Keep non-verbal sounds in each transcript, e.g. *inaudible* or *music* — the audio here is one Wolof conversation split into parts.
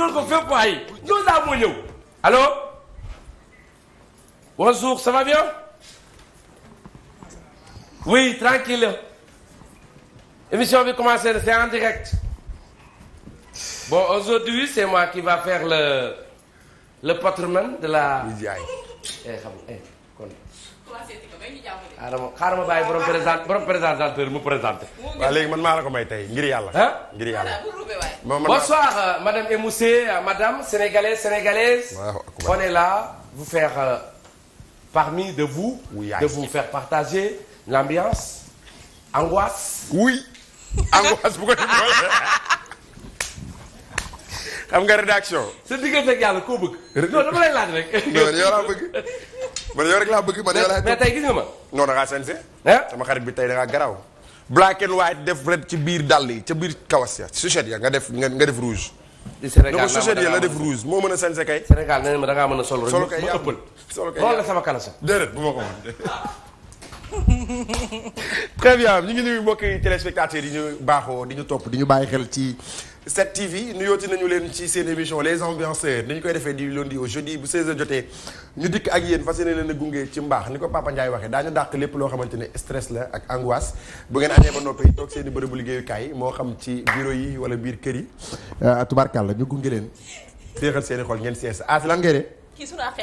dugal ko fépp waay Josa moo ñëw bonjour ça va bien oui tranquille émission bi commencé na c'est en direct bon aujourd'hui c'est moi qui va faire le le patronyme de la. xaaral ma xaaral ma bàyyi borom présenté borom présentateur mu présenté. waaw léegi man maa la ko may tey ngir yàlla. ngir yàlla. bonsoir euh, madame et monsieur euh, madame sénégalaise sénégalaise. on est vous faire euh, parmi de vous. de vous faire partager l'ambiance angoisse. oui angoisse bu ko xam nga rédaction. sa diggante ak yàlla koo bëgg. non dama lay laaj rek. *laughs* non yow laa bëgg man yow rek laa bëgg man yow laa. mais tey gis nga ma. non da ngaa sensé. sama xarit bi tey da ngaa garaaw. black and white def red ci biir dàll yi ca biir kawas ya suchet ya nga def nga def rouge. Sénégal naa ma la def rouge moo mën a sensé kay. Sénégal na ma da mën a sol. solo kay yàlla solo kay yàlla sama kala sa. déedéet bu ma ko mën *laughs* *laughs* très bien ñu ngi nuyu mbokki téléspectateurs yi ñu baaxoo di ñu topp di ñu bàyyi xel ci 7TV nuyooti nañu leen ci seen émission les ambianceurs ni ñu koy defee di lundi au jeudi bu 16h jotee ñu dikk ak yéen fas yéene leen gunge ci mbaax ni ko Papa Ndiaye waxee daañu dàq lépp loo xamante ne stress la ak angoisse bu ngeen amee ba noppi toog seen i bërëbu liggéeyukaay moo xam ci bureau yi wala biir kër yi euh, la ñu gunge leen féexal seen i xol ngeen sees as lan kii sunu àq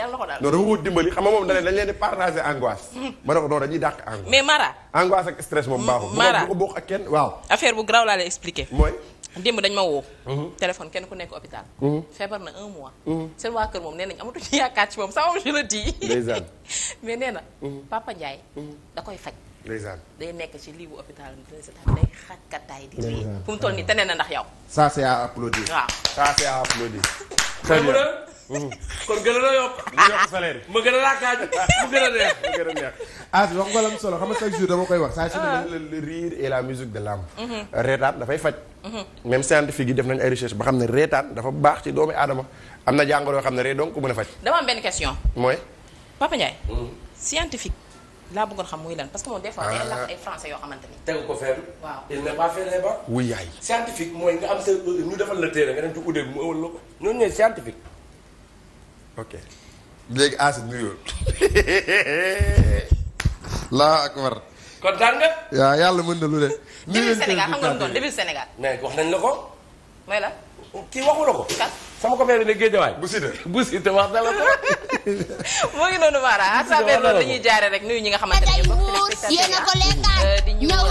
dimbali xam moom dañ leen di partager angoisse. Hmm. ma ne ko non dañuy dàq angoisse. mais Mara. angoisse ak stress moom baaxul. Mara affaire bu garaaw laa lay expliquer. mooy. démb dañ ma woo. Hmm. téléphone kenn ku nekk hôpital. Hmm. feebar na un mois. seen waa kër moom nee nañ amatuñu yaakaar ci moom sama je le dis. ndeysaan *laughs* mais nee na. da koy faj. ndeysaan day nekk ci lii hôpital day xàkkataay di lii. toll nii tane na ndax yow. ça c'est à waaw ça kon gën a la yokk. mu yokk salaire mu gën a laakaaj mu gën a neex. mu gën a neex as ah, wax nga lam solo xam nga chaque jour dama koy wax. saa su ne ah. le rire et la musique de l'âme. Mhm. reetaan dafay faj. Mhm. même scientifique yi def nañ ay recherche ba xam ne reetaan dafa baax ci doomu aadama am na jàngoro yoo xam ne ree donc ko mën a faj. dama am benn question. mooy. Papa Ndiaye. Mhm. scientifique laa bëggoon xam muy lan parce que moom des fois day lakk ay français yoo xamante ni. tegu ko fenn. waaw il n'est pas fait là-bas. wuy yaay. scientifique mooy nga am sa ñu defal la téere nga dem ci ude bi mu ëwal la ko ñooñu ñooy scientifique ok léegi Asi ah, nuyoo. laa *laughs* akbar. kontaan nga. waaw yàlla mën na lu de. nuyu Sénégal ko. mooy la. kii waxu la ko. sama copain bi ne Géejawaay. bu Siteu bu Siteu wax dala moo *laughs* ngi noonu Mara à sa benn la ñuy jaare rek nuyu ñi nga xamante ne bokk na spectateur yéen ko lekkaat ngaa euh, euh, ko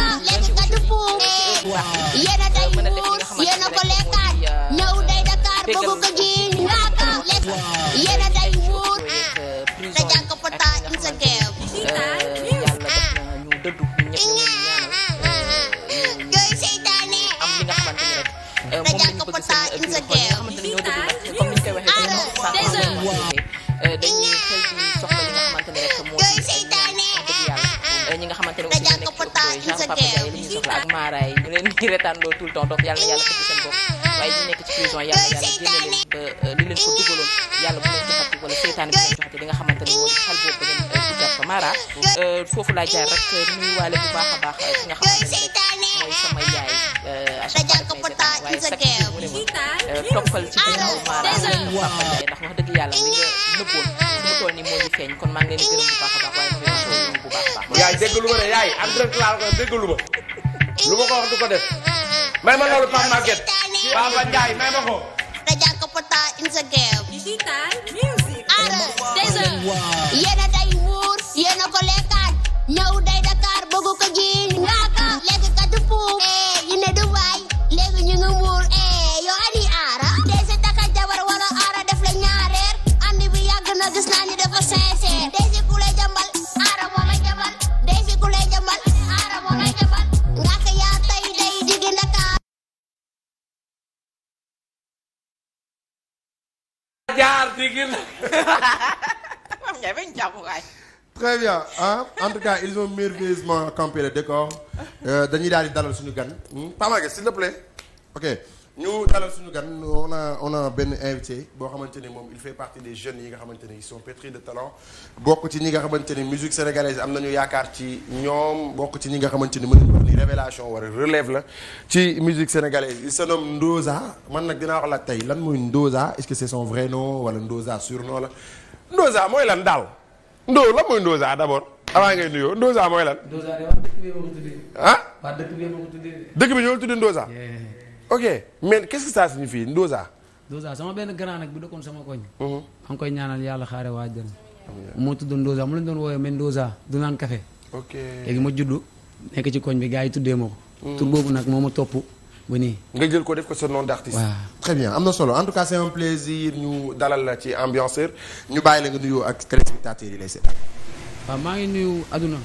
euh, lekk ka du fuum. day muus yéen ko lekkaat ñëw bëgg ko ji ñaata lekk yéen a day wóor te jàng ko ta in sa keew jooy seytaane te jàng ko ta in sa keew ci reetaanloo tout le temps donc yàlla na yàlla fëgg seen bopp waaye ñu nekk ci prison yàlla yàlla génne leen ba euh, euh, li leen ko dugaloon yàlla bu leen joxati wala seytaane bi leen joxati li nga xamante ne moo di xel boobu ba leen euh, di jàpp Mara foofu laa jaar rek nuyuwaale bu baax a baax ki nga xamante ne rek mooy sama yaay à mu ne ma toppal ndax wax dëgg yàlla li nga nëbboon su ma toll nii moo ñu feeñ kon maa ngi leen bu baax a baax waaye ma ngi leen bu baax a baax yaay déggalu ma de yaay en direct laa ko déggalu lu ma ko wax du ko def may ma loolu Pape Maguette Baba Ndiaye may ma ko yéen a day muur yéen ko lekkaat ñëw day Dakar bëgg ko jiiñ ngaaka léegi katu puub eh, yi ne du ñu ngi muur eh, yoo ani aara dee si takka jabar wala aara def la ñaareer ànd bi yàgg na gis naa ni jaar digil. moom ñooy bañ jàpp waay. très bien en tout cas ils ont merveilleusement campé le décor euh, dañuy daal di dalal suñu gan. Hmm? Pamagué s'il te plaît. ok. ñu dalal suñu gan on a benn invité boo xamante ni moom il fait partie des jeunes yi nga xamante ni ils sont pétris de talent bokk ci ñi nga xamante ni musique sénégalaise am nañu yaakaar ci ñoom bokk ci ñi nga xamante ni mën nañu wax révélation wala relève la ci musique sénégalaise il se nomme Ndoza man nag dinaa wax la tey lan mooy Ndoza est-ce que c'est son vrai nom wala Ndoza surnom la Ndoza mooy lan daal Ndo lan mooy Ndoza d'abord avant ngay nuyoo mooy lan. Ndoza de wax ok mais qu'est-ce que fii signifie Ndoza. Ndoza sama benn grand nag bu dëkkoon sama koñ. Mhm. maa ngi koy ñaanal yàlla xaare waa jën. moo tudd Ndoza mu lañ doon woowee mais Ndoza du naan café. ok léegi ma juddu nekk ci koñ bi gaa yi tuddee ma ko. Mhm. tur boobu nag moom ma topp ba nii. nga jël ko def ko sa nom d'artiste. waaw très bien am na solo en tout cas c'est un plaisir ñu dalal la ci ambianceur ñu bàyyi la nga nuyoo ak téléspectateurs yi lay seetaan. waaw maa ngi nuyu aduna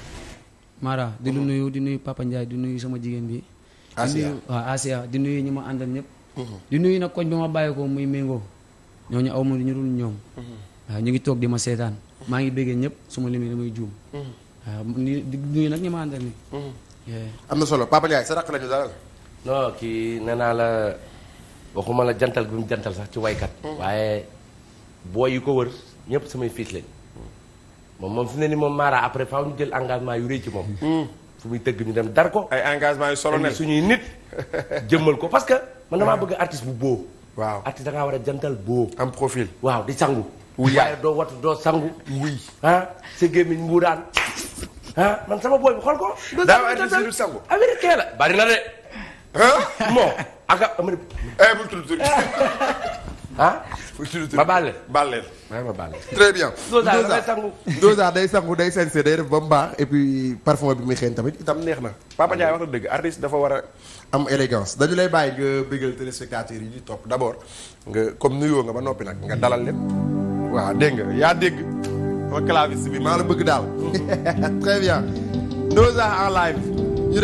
Mara di lu nuyu di nuyu Papa di nuyu sama jigéen bi. Asia di nuyu ñi ma àndal ñëpp mm-hmm. di nuyu nag koñ bi ma bàyyi ko muy méngoo ñooñu aw ma ñu dul ñoom mm-hmm. waaw ñu ngi toog di ma seetaan maa ngi béggee ñëpp su ma limee damay juum mm-hmm. waaw di nuyu nag ñi ma àndal ni am na solo Papa Ndiaye sa rakk la ñu dalal non kii nee naa la waxuma la jantal bi mu jantal sax ci waykat waaye booy yu ko wër ñëpp samay fiis moom moom fi ne ni moom Mara après faaw jël engagement yu rëy ci moom fu muy tëgg ñu dem dar ko. ay engagement yu solo ne suñuy nit jëmmal ko parce que. man damaa bëgg artiste bu boo. waaw artiste da war a jantal boo. am profil waaw di sangu. waaye doo wuy ah sa gémmiñ mbuuraan ah, man sama booy bi xool ko. daaw artiste du sangu américain la bari na de. bon aka am na. Eh, bul tudd tudd *laughs* ah. ma bàlleel bàlleel. ma bàlleel très bien. Doza day sangu day sañse day def ba mu baax et puis bi muy xeeñ tamit itam neex na. Papa Ndiaye wax na dëgg dafa war a am élégance dañu lay bàyyi nga bëggal téléspectateurs yi di topp d' abord nga comme nuyoo nga ba noppi nag nga dalal leen. waaw dégg nga yaa dégg sama claviste bi maa la bëgg daal *laughs* très bien Doza en live ñu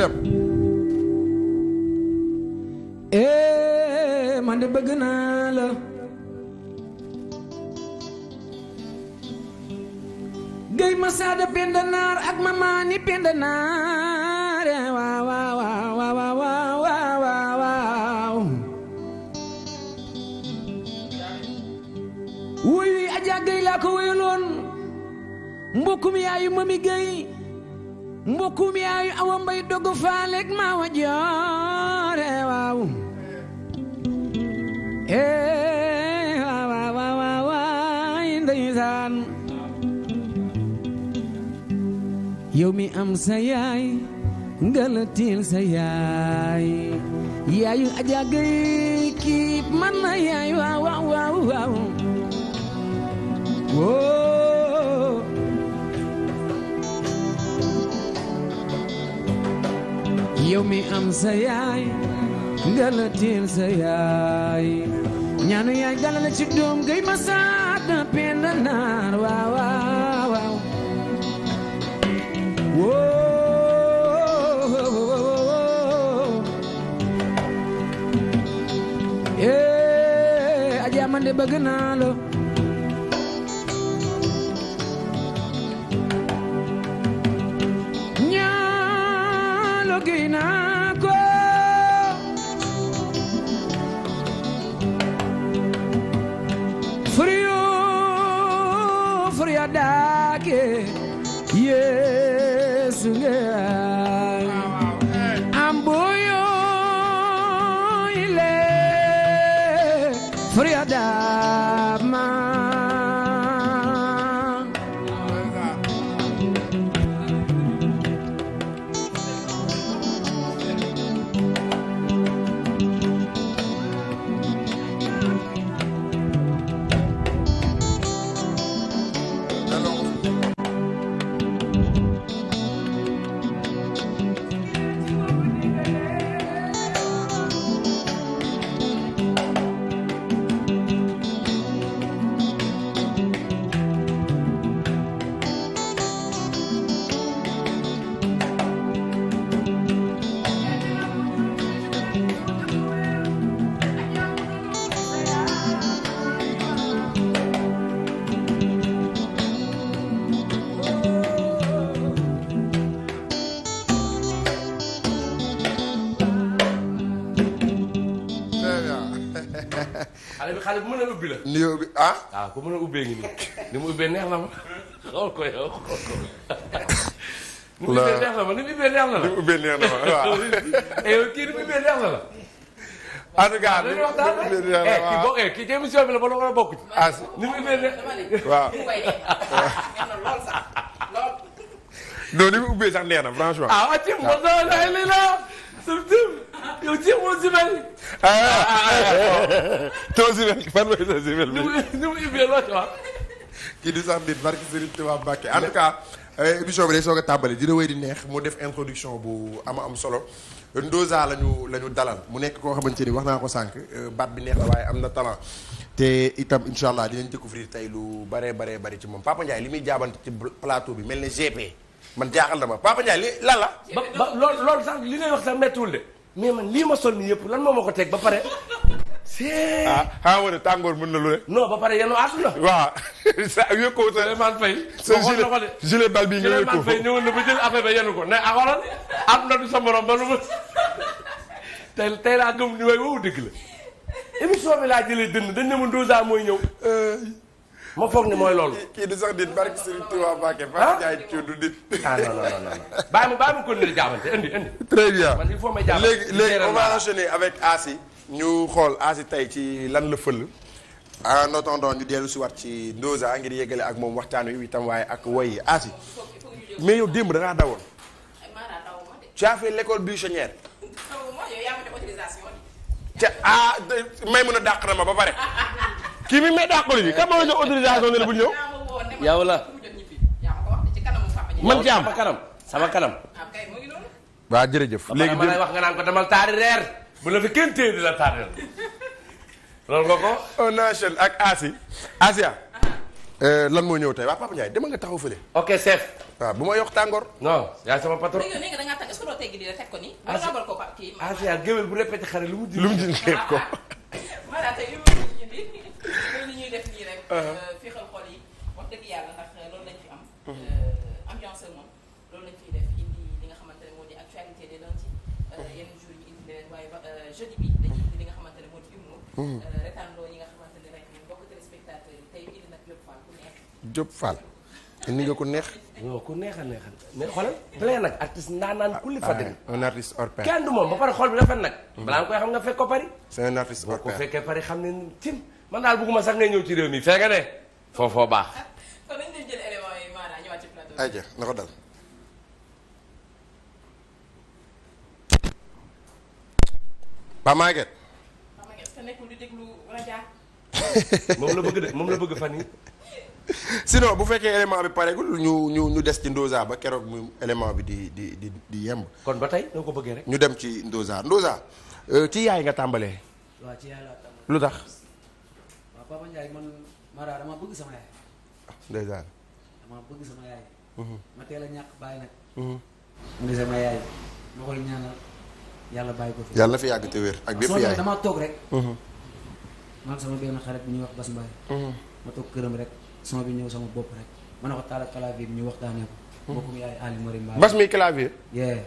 eh, man de bëgg naa la géy ma saada ak ma maani penda naar waaw waaw waaw waaw waaw waaw wuy wi ajaa géy laa mbokkum yaayu mami géy mbokkum yaayu awa mbay dogu faaleek maa wajoore waaw eh. yow mi am sa yaay ngalatil sa yaay yaayu Adja Gaye kii man na yaay waaw waaw waaw woo yow mi am sa yaay ngalatil sa yaay ñaanu yaay galala ci doom gay ma saat na penda naar waaw waaw Eh, man de bëgg naa la ñaalo gi naa ubbi ah. waaw ah, ku mën a ubbee ngi nii ni mu ubbee neex na ma xool ko yow xool ko. *laughs* ni mu ubbee neex na ma ni mu ubbee neex na la ni mu ubbee neex na ma waaw. *laughs* Eh, yow kii ni mu ubbee neex na la. en tout cas ah, dañuy wax daal de kii eh, émission bi la ba la war a bokk ci. ah si ni mu ubbee neex *laughs* waaw. non ni mu ubbee sax neex na franchement. ah waa ci mboq la lay la. yow ci ah, ah, ah. *laughs* mu sibel too sibel fan mooy too sibel ni mu ubbee loo ci wax kii di sax mbir barke Serigne Touba Mbacke en tout cas eh, bi day soog a tàmbali dina wéy neex mu def introduction bu ama am solo Ndoza lañu ñu dalal mu nekk koo xamante ni wax naa ko sànq eh, baat bi neex la waaye am na talent te itam incha allah dinañ découvrir tey lu bare bare bari ci moom Papa Ndiaye li muy jaabante ci plateau bi mel ne GP man jaaxal na ma Papa Ndiaye li lan la. ba ba sax li mais man lii ma sol nii yëpp lan moo ma ko teg ba pare. Ah, c'est. ah xanaa ma ne tàngoor mën na lu ne. non ba pare yenu a waaw *laughs* sa yëkkoo sa. Souleymane Faye. sa gilet gilet bal bii nga yëkkoo Souleymane Faye ñëwoon na ba jël affaire ba yenu ko ne a àdduna a sa morom ba lu ma *laughs* tey tey laa ni way woowu dëgg la émission bi laa jëlee dënn dañ ne ma Ndoza mooy ñëw. Euh, ma foog ni mooy loolu. kii du sax dit barke Serigne Touba Mbacké. ah du dit. ah non non non bàyyi ma bàyyi ma ko nii jaabante indi indi. très bien man il faut may jaabante. léegi léegi on va enchaîner avec Asi. ñu xool Asi tey ci lan la fël. en attendant ñu dellu si waat ci Ndoza ngir yëgale ak moom waxtaan wi itam waaye ak woy yi Asi. mais yow démb da ngaa dawoon. tu as fait l'école buissonnière. ca ah may mën a dàq na ma ba pare. *laughs* kii bi may dàqalu ji kan moo la jox autorisation ñëw. man ci sama kanam sama kanam. waaw jërëjëf. léegi ma lay wax ko demal taari reer. bu la fi kenn téye la taareel. loolu nga ko. Oh, on enchaîne ak Asi. Asia. Euh, lan moo ñëw tey waa Papa Ndiaye dama nga taxaw fële. ok chef. waaw bu ma yokk tàngoor. non yaay géwél bu répété xare lu mu. lu mu ko. *laughs* loolu ñuy def nii rek. Uh-huh. Euh, féexal xol yi wax dëgg yàlla ndax euh, loolu lañ fi am. Uh-huh. Euh, ambiance moom loolu lañ fiy def indi li nga xamante ne moo di actualité de lundi uh-huh. yenn jours yi indi leneen waaye ba jeudi bi dañuy indi li nga xamante ne moo di humour. retaandoo yi nga xamante ne rek ñun bokk téléspectateur yi tey indi nag Diop Fall ku neex. Diop Fall. ni nga ko neex. non ku neex a neex mais xoolal plein nag artiste ndaanaan kulli fadil. Ah, un artiste hors pair. kenn du moom ba pare xool bi rafet nag. balaa nga koy xam nga fekk ko Paris. c'est un artiste hors pair boo ko fekkee Paris xam ne tim man daal bëgguma sax ngay ñëw ci réew mi fee nga ne foofoo baax. Ah, kon jël na ko dal. Paa Maguette. Paa Maguette *laughs* moom la bëgg de moom la bëgg fan yi sinon bu fekkee élément bi pareegul ñu ñu ñu des ci Ndoza ba keroog mu élément bi di di di yemb. kon ba tey noo ko bëggee rek. ñu dem ci Ndoza Ndoza euh, ci yaay nga tàmbalee. tàmbalee lu tax. waaw Papa Ndiaye man Mara bëgg sama yaay. ah ndeysaan. dama bëgg sama yaay. Mhm. ma teel a ñàkk bàyyi nag. Mhm. mu sama yaay ma koy yàlla bàyyi ko fi. yàlla fi yàgg te wér ak bépp yaay damaa toog rek. Mhm. man sama benn xarit bi ñuy wax Bas ma toog rek sama bi ñëw sama bopp rek ma ne ko taal clavier bi ñu waxtaanee ko. mbokkum yaay Ali Mori Mbaye. Bas mi clavier. yee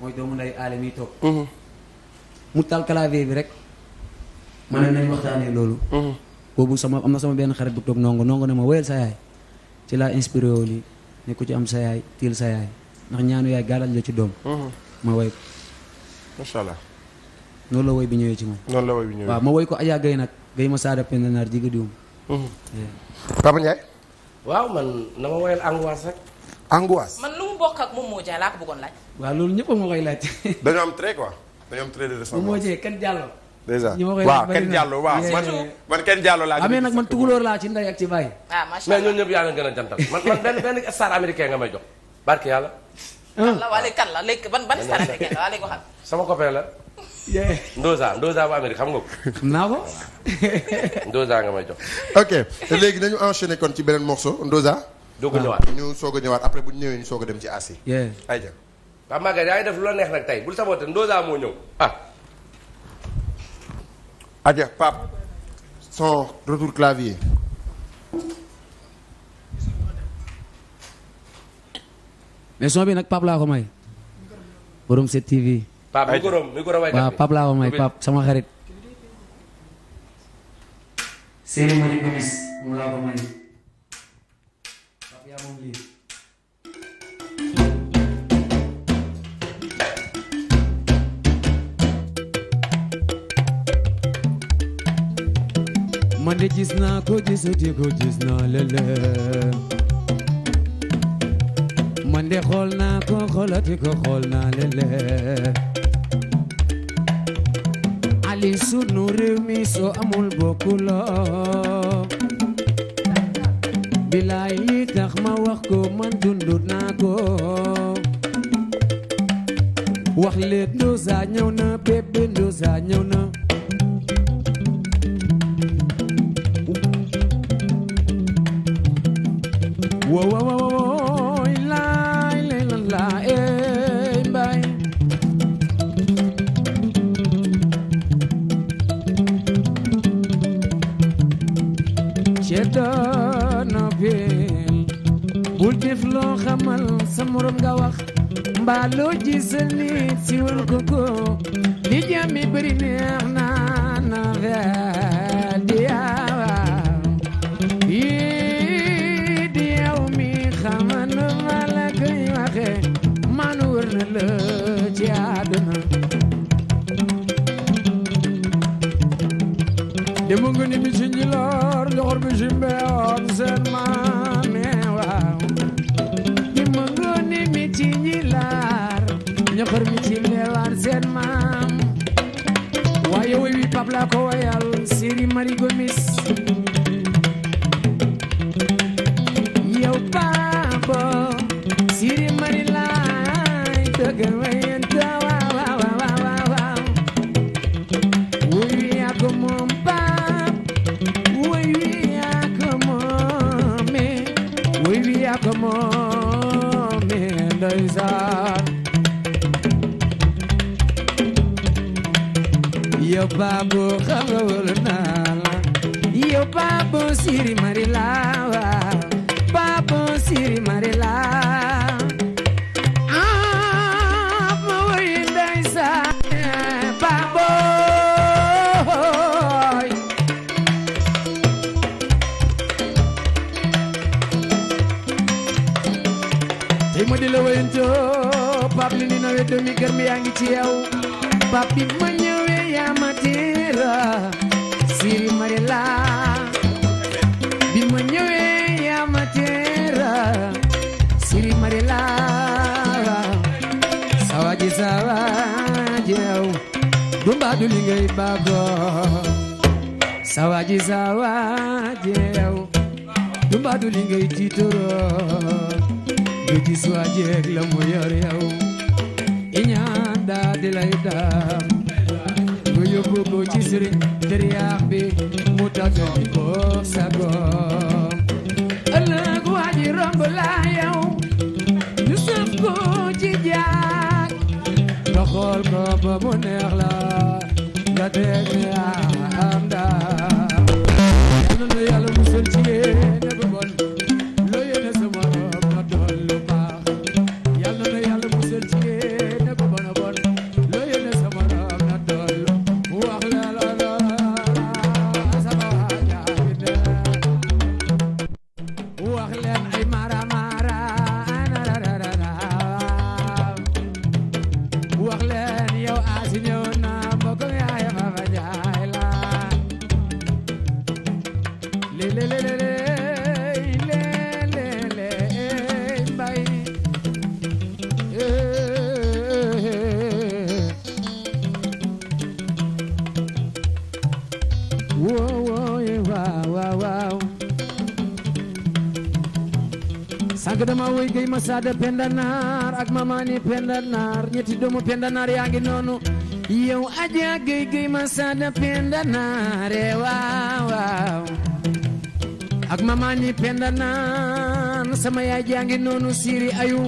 mooy doomu nday Ali miy toog. mu taal clavier bi rek. ma ne nañ waxtaanee loolu. Mm-hmm. boobu sama am na sama benn xarit bu toog nongo nongo ne ma wéyal sa yaay ci laa inspiré wu lii ne sa yaay tiil sa yaay ndax ñaanu yaay gaalal la ci doom. Mm-hmm. la woy bi ñëwee ci moom. noonu la woy bi ñëwee waaw ma woy ko Adja Guèye nag Guèye ma saada pendanaar jigéen diwum. Mm-hmm. Papa Ndiaye. waaw man na ma woyal moom moo jaay laa ko bëggoon laaj. waaw loolu ñëpp a ma laaj. dañoo am trait quoi moom moo jaay kan jàlloo. dèjà waaw kenn jàllo waaw man man kenn jàllo laa. amee nag man tukulóor laa ci ndey ak ci baay. ah macha allah mais ñooñu ñëpp yaa leen gën a jantal man man benn benn star américain nga may jox barke yàlla. la waa léegi kan la léegi ban ban star américain la waa léegi waxal. sama copain la. Ndoza Ndoza bu Amérique xam nga ko. xam naa ko. Ndoza nga may jox. ok léegi nañu enchaîner kon ci beneen morceau Ndoza. doog a ah. ñëwaat ñu soog a ñëwaat après bu ñu ñëwee ñu soog dem ci assi ayca. waaw Maguette yaa ngi def lu la neex nag tey bul saboté Ndoza moo ñëw ah Adja Pape son retour clavier. mais son bi nag Pape laa ko may. borom 7TV. Pape micro micro waaw Pape laa ko may Pape sama xarit. cérémonie Gomis moom laa ko man de gis naa ko gisati ko gis naa lele man de xool naa ko xoolati ko xool naa lele ali sunu réew mi soo amul bokkuloo bilaay li ma wax ko man dundu naa ko wax le Ndoza ñëw na bébé Ndoza ñëw na Lord Jesus. Sada Penda ak Mamani Penda ñetti doomu Penda yaa ngi noonu yow Adja Gueye Gueye ma Sada Penda Naar eh, ak Mamani Penda sama yaay jaa ngi noonu Siri Ayu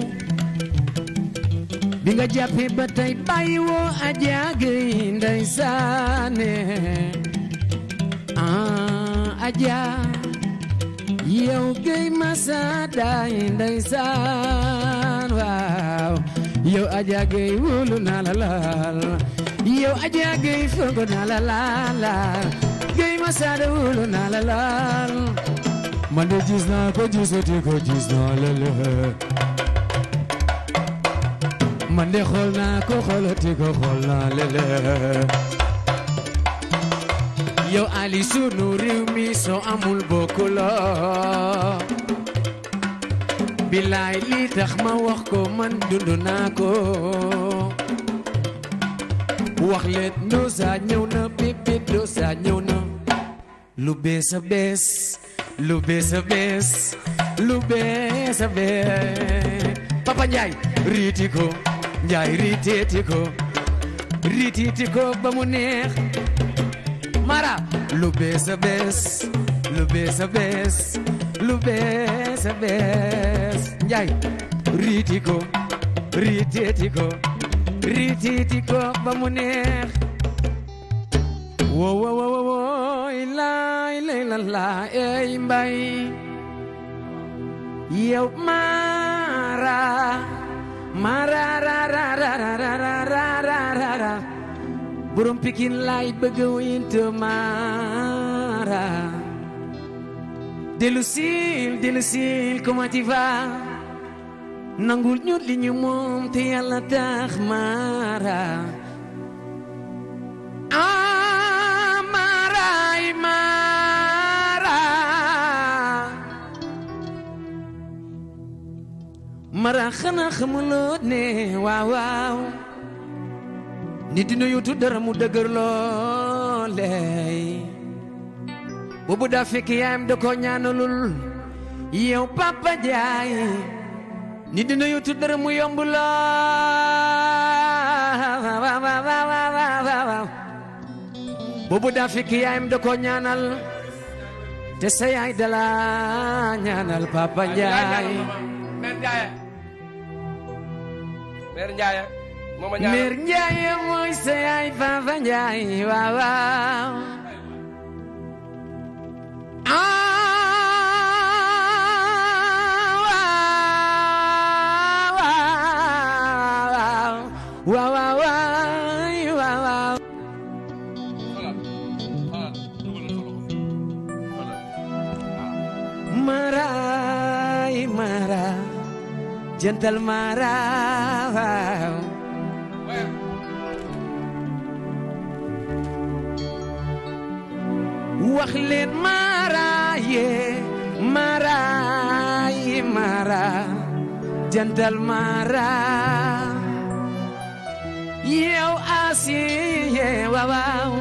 bi nga jàppee ba tey bàyyi woo Adja Gueye ndeysaane eh. ah Adja yow Gueye ma Sada yow Adja Gueye wóolu naa la laal yow Adja Gueye fonk naa la laal Gueye Massada wóolu naa la laal man de gis ko gisati ko gis naa la la man de xool ko xoolati ko xool naa la la yow Ali sunu réew mi soo amul bokkuloo bilaay lii ma wax ko man dund naa ko wax ñëw na bébé Ndoza ñëw na lu bees a bees lu bees a bees lu bees a bees Papa Ndiaye riiti ko Ndiaye riiteeti ko riitiiti ko ba mu neex Mara lu bees a bees lu bees a bees lu bees a bees Njaay riiti ko riiteeti ba mu neex woo woo woo woo ilaay mbay yow maara maara ra ra ra ra borom pikin laay bëgg wint maara delusil delusil comment tu vas nangul ñu li ñu moom te yàlla tax maara ah maaraay maara mara xanaa xamuloo ne waaw waaw nit dina yutu dara mu dëgër loolee boobu daa fekk yaayam da koo ñaanalul yow papa Njaay nit dina yóotu dara mu yomb lool boobu daa fekk yaayam ñaanal te sa dala ñaanal papa Njaay mère Ndiaye mooy sa yaay papa Njaay jëntal maaraaw wax leen maaraaye maaraayi maaraa jëntal maaraa yow asiye waaw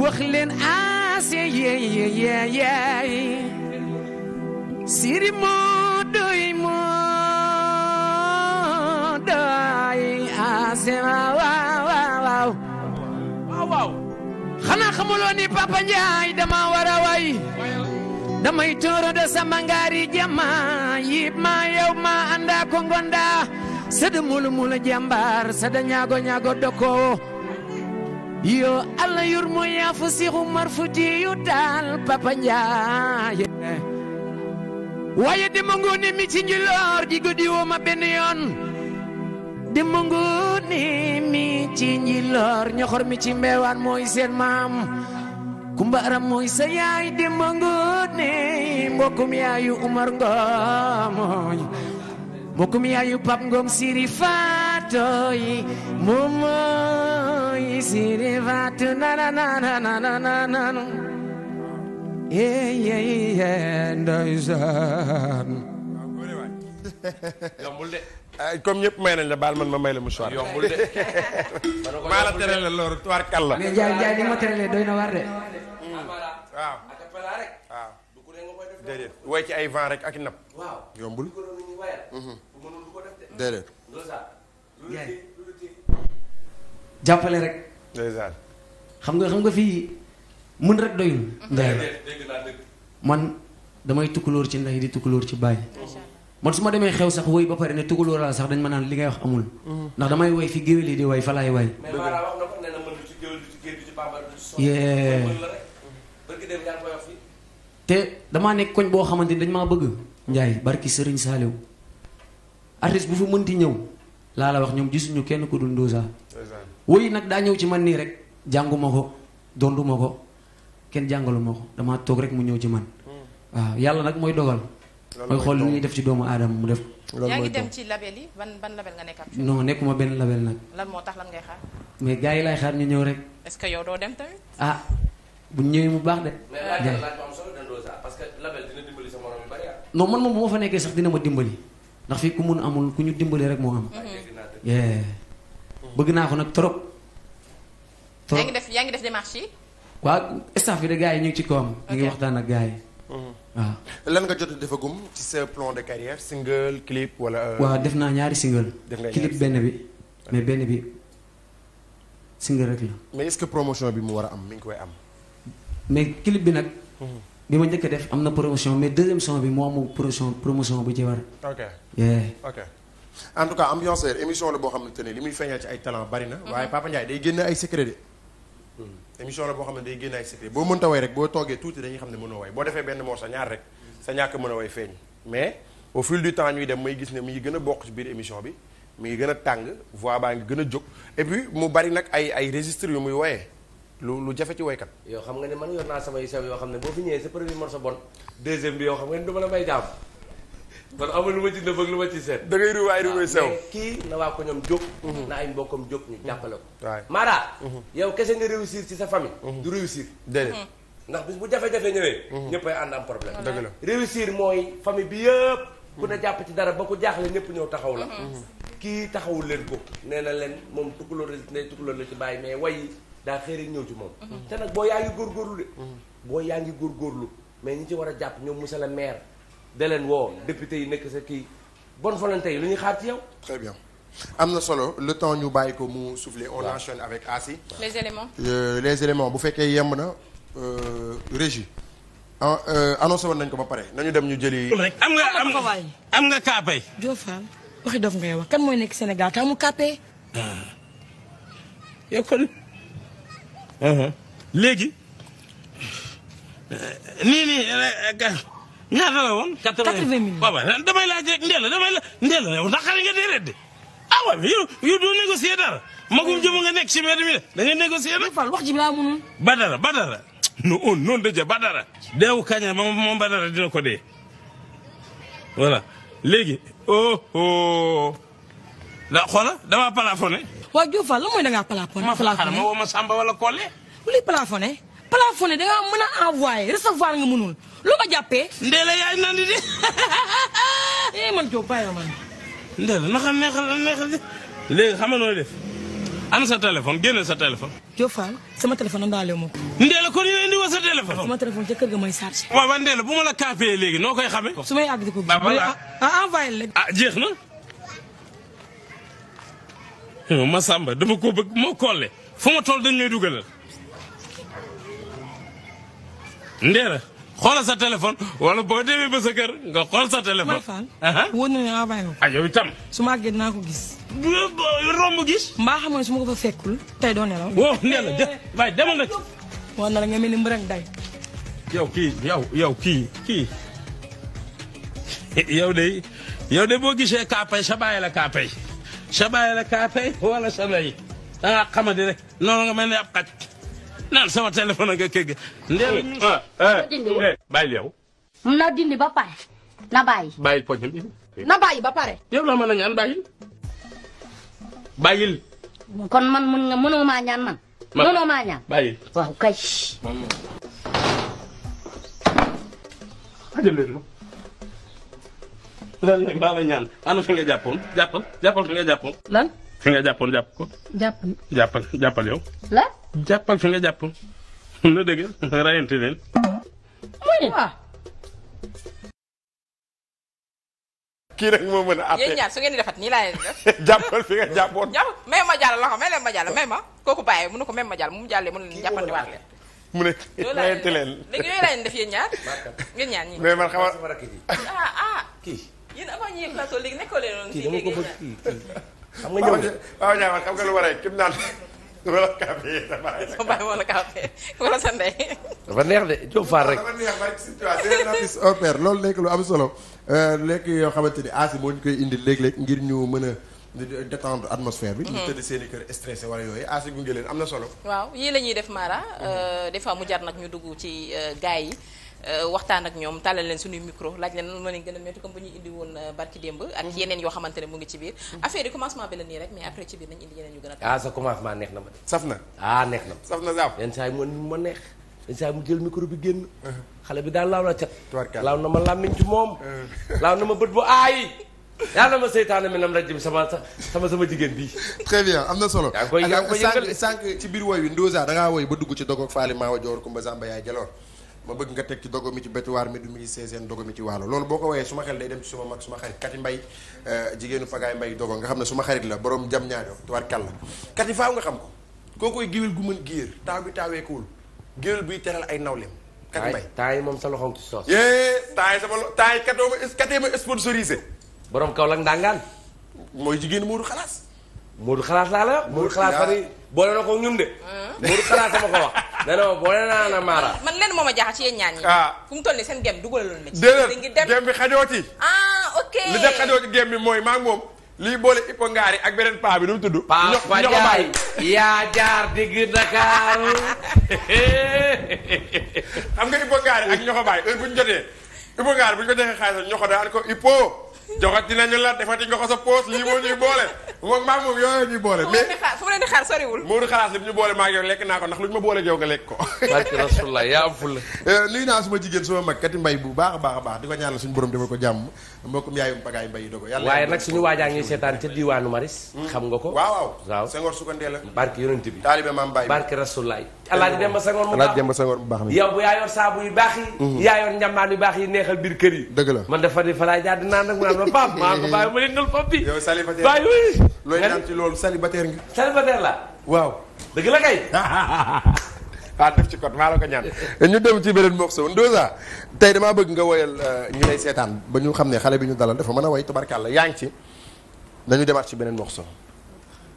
wax leen asiye yeeye siri moo doy moo doy asema ah, waaw waaw waaw xanaa xamuloo ni Papa dama war way damay tooro de sama ngaari jama yib ma yow ma anda ko ngonda sada mulu mulu jambar sada ñaago ñaago doko Allah yur mu yaafu si xumar futi yu daal Papa waaye dema ngoone mi ci njiloor ji guddi ma benn yoon dema ngoone mi ci njiloor ñoxor mi ci mbeewaan mooy seen maam kumba aram mooy sa yaay dema ngoone mbokkum yaayu umar ngoom mbokkum yaayu pap ngoom siri faatoy moom mooy siri faatu nananananananu yéyéy yee ndeysaan de comme ñëpp may nañ la baal man ma may la mouchoir *laughs* maa la tere la loolu tuwaar kal la jaay jaay ni ma tere doy na war de waaw way ci ay vent rek ak napp yombul déedéet jàppale rek xam nga xam nga fii mën rek doyul. ndey man damay tukkulóor ci ndey di tukkulóor ci baay. man su ma demee xew sax woy ba pare ne tukkulóor laa sax dañ ma naan li ngay wax amul. Mm. ndax damay woy fi géwél yi di way falaay laay way. te damaa nekk koñ boo xamante ni dañ ma bëgg. njaay barki Serigne Saliou. artiste bu fi mënti ñëw. laa la wax ñoom gisuñu kenn ku dul Ndoza. woy nag daa ñëw ci man nii rek jànguma ko donduma ko. kenn jàngalu ma ko damaa toog rek mu ñëw ci man waaw yàlla nag mooy dogal mooy xool li ñuy def ci doomu aadama mu def yaa ngi dem ci label yi ban ban label nga nekk non nekkuma benn label nag lan moo tax lan ngay xaar mais gars yi laay xaar ñu ñëw rek est-ce que yow doo dem tamit ah bu ñëwee mu baax de parce que label dina dimbali sa morom yu ah. man moom bu ma fa nekkee sax dina ma dimbali ndax fii ku mun amul ku ñu dimbali rek moo am mm-hmm. mm-hmm. bëgg naa ko nag trop trop yaa ngi def yaa waaw staff fi de gars yi ñu ngi ci kawam. ñu ngi waxtaan ak gars yi. Mhm. waaw. lan nga jot a defagum ci sa plan de carrière single clip wala. Euh, waaw def naa ñaari single. clip benn bi mais benn bi single rek la. mais est-ce que promotion bi mu war a am mi ngi koy am. mais clip bi nag. Mhm. bi ma njëkk def am na promotion mais deuxième son bi moo amul promotion promotion bu ci war. ok ok en tout cas ambianceur émission la boo xamante ne li muy feeñal ci ay talent bari na. Mhm. waaye Papa Ndiaye day génn ay secret Mm. émission la boo xam ne day génn ay secret boo mënta way rek boo toogee tuuti dañuy xam ne mënoo way boo defee benn moo sa ñaar rek sa ñàkk mën a way feeñ mais au fil du temps ñuy dem may gis ne mi ngi gën a bokk biir émission bi mi ngi gën a tàng voix baa ngi gën a jóg et mu bari nag ay ay registres yu muy woyee lu lu jafe ci woykat yoo xam nga ne man yor naa samay sew yoo xam ne boo fi ñëwee sa premier morceau bon deuxième bi yoo xam nga ne man amul lu ma ci nëbb lu ma ci seet. da ngay ruwaay ruwaay sew kii na waa ko ñoom jóg. Mhm. na ay mbokkam jóg ñu jàppale ko. waay Mara. Mhm. yow kese nga réussir ci sa famille. Mhm. du réussir. déedéet ndax bis bu jafe-jafe ñëwee. ñëppay ànd am problème. dëgg la réussir mooy famille bi yëpp. ku ne jàpp ci dara ba ku jaaxle ñëpp ñëw taxaw la. kii taxawul leen ko nee na leen moom tukkuloo ne tukkuloo la ci bàyyi mais wayi daa xëy ñëw ci moom. te nag boo yaa ngi góorgóorlu de. boo yaa ngi góorgóorlu mais ñi ci war a jàpp ñoom monsieur le maire da leen député yi nekk sa kii bonne volonté yi lu ñuy xaar ci yow. très bien am na solo le temps ñu bàyyi ko mu souffler on ouais. enchaîne avec Asi. les éléments. Euh, les éléments bu fekkee yemb na euh, régie. ah euh, annoncé woon ko ba pare nañu dem ñu jëli. am nga am nga am nga kaapay. Diop Fall waxi dof ngay wax kan mooy nekk Sénégal te amul kaapay. léegi nii nii. ñaata la woon. quatre vingt mille waaw waaw damay laaj rek damay la Ndéla yow ndax xale nga de ah waaw yow yow doo négocier dara. magum jëm nga nekk ci mbedd mi da nga négocier rek. Fall wax ji laa mënul. Badara Badara. non oh, dina ko dee. voilà léegi. oh, oh. da xoola damaa plafonné. waa Diop Fall la mooy da ngaa plafonné. ma xanaa Samba wala Kole. lu lay plafonné. plafonné da ngaa mën a envoyé recevoir nga mënul. lu ko jàppee. Ndéla yaay naan di de. *laughs* Eh, man Diop bàyyi ma man. Ndéla naka neexal neexal de léegi xam nga nooy def. ana sa téléphone génne sa téléphone. Diop Fall sama téléphone andaale moo ko. Ndéla kon yow indi wa sa téléphone. sama téléphone ca kër ga may chargé. waaw waaw Ndéla bu ma la kaapee léegi noo koy xame su may àgg di ko. ah voilà ah, ah ma Samba dama ko bëgg moo kolle fu ma toll dañ may dugalal. xoolal sa téléphone wala boo demee ba sa kër nga xool sa téléphone. may faal. Ah, ah. wóor na nga ko. Ah, yow itam. su ma àggee dinaa ko gis. romb gis. mbaa xam nga su ma ko fa fekkul tey doo nelaw. woo nelaw na. war na nga mel ni mbër ak day. yow kii yow yow kii kii *laughs* yow de yow de boo gisee kaapay sa baay la kaapay sa baay la kaapay wala sa lay da ngaa xamante noonu nga mel ni ab xaj. naan sama téléphone nga kégg. ndéem eh, eh, eh, bàyyil yow. na dindi ba pare ba pare. yow la mën a ñaan bàyyil. bàyyil. kon man mun nga mënoo maa waaw kay. ah jëndee dina. lan la ñaan ana fi nga jàppoon jàppal jàppal fi fi nga jàpp ko. jàppal jàppal jàppal yow. la jàppal fi nga jàpp. *laughs* na dëgg rayante leen. kii mën a. àtte yéen ñaar su defat nii laa leen di def. *laughs* jàppal fi nga jàppoon. jàpp ma jàll loxo may leen ma jàll may ma kooku bàyyi mënu ko may ma jàll mu jàllee leen jàppandi waat leen. mu ne rayante leen léegi yooyu laa leen def yéen ñaar. ngeen ñaar ñii mais man xamal ah ah. kii ñuy plateau léegi nekkoo leen woon. kii dama xam nga ñëw na waaw waaw man xam nga lu waree kim naan sa baay sa baay sa ndey dafa neex de Diop Fall rek dafa neex rek situation loolu nekk lu am solo lekk euh, yoo xamante ni aasi moo ñu koy indi léeg-léeg ngir ñu mën a détendre atmosphère bi. ñu tëdd seeni i kër stressé wala yooyu aasi gunge leen am na solo. waaw yii la def Mara. Euh, des mu jar nag ñu dugg ci euh, gaay yi. Euh, waxtaan ak ñoom tàllal leen suñuy micro laaj leen lan lañ gën a métti comme bu ñu indi woon euh, ak mhm. yeneen yoo xamante ne mu ngi ci biir mhm. affaire yi commencement bi la nii rek mais après ci biir nañ indi yeneen yu ah, na ma de saf na ah, ma neex yenn saa yi mu mhm. ma làmmiñ na ma bët bu aay yàlla ma seytaane sama jigéen bii am na solo yaa ngi koy yëngal sànq biir woy wi Ndoza da ngaa woy ba dugg ci dogoog faali maa wa joor kumba samba yaay jaloor ma bëgg nga teg ci dogo mi ci bétuwaar mi du mi seeseen dogo mi ci waalo loolu boo ko woyee su ma xel day dem ci suma mag suma xarit kati mbay euh, jigéenu fagaay mbay dogo nga xam ne suma xarit la borom jam ñaajo tuwaar kal la kati faaw nga xam ko kookoy giwil gu mën géer taaw bi taaweekuwul géwél buy teral ay nawleem kati mbay temps moom sa loxoom ci soos yée temps yi sama lo temps yi katoo ma katee ma sponsorisé borom kaw lak ndàngaan mooy jigéen Moodu Xalaas Moodu Xalaas laa la na ko ñun ah. ko wax dana ma boole naa na Mara. man lenn moom ma jaaxal ci yéen ñaan ñi. ah fu mu toll nii seen gem dugaloon na ci. déedéet gem bi xajoo ci. ah ok li def xajoo gem bi mooy maa ngi moom. lii boole Ipo Ngari ak beneen paa bi nu mu tudd. paa fa jaay yaa jaar digg Dakaaru. *laughs* xam nga Ipo Ngari ak ñoxo baay heure bu ñu jotee Ipo Ngari bu ñu ko joxee xaalis ñoxo daan ko Ipo. joxati nañu la defati nga ko sa poos lii moo ñuy boole moom maa moom yooyu ñuy boole. fu mu leen di xaar soriwul. Modou Xaraas li mu ñu boole maa ngi yow lekk naa ko ndax lu ñu ma boole yow nga lekk ko. barke rasulullah yaa am ful la. Euh, nuyu naa suma jigéen suma mag kati mbay bu baax a baax baax di ko ñaanal suñu borom defal ko jàmm mbokkum yaayum pagaay mbay dogo yàlla waaye nag suñu waajaa ngi seetaan ca diwaanu maris hmm. xam nga ko waaw waaw waaw Senghor Sukandé la barke yonent bi taalibe maam Baye barke rasulaay alaaji Demba Senghor mu alaaji Demba Senghor mu baax mi yow bu yaa saabu yu baax yi hmm. yaa yor njambaan yu baax yi neexal biir kër yi dëgg la man dafa di falaay a di naan nag mu naan ma pap maa ko bàyyi ma leen nal pap bi yow célibataire bàyyi looy naan ci loolu célibataire nga célibataire la waaw dëgg la kay *laughs* waaw def ci code maa ko ñaan *laughs* ñu dem ci beneen morceau Ndoza tey damaa bëgg nga woyal euh, ñi lay seetaan ba ñu xam ne xale bi ñu dalal dafa mën a woy la yaa ngi ci nañu demaat ci beneen morceau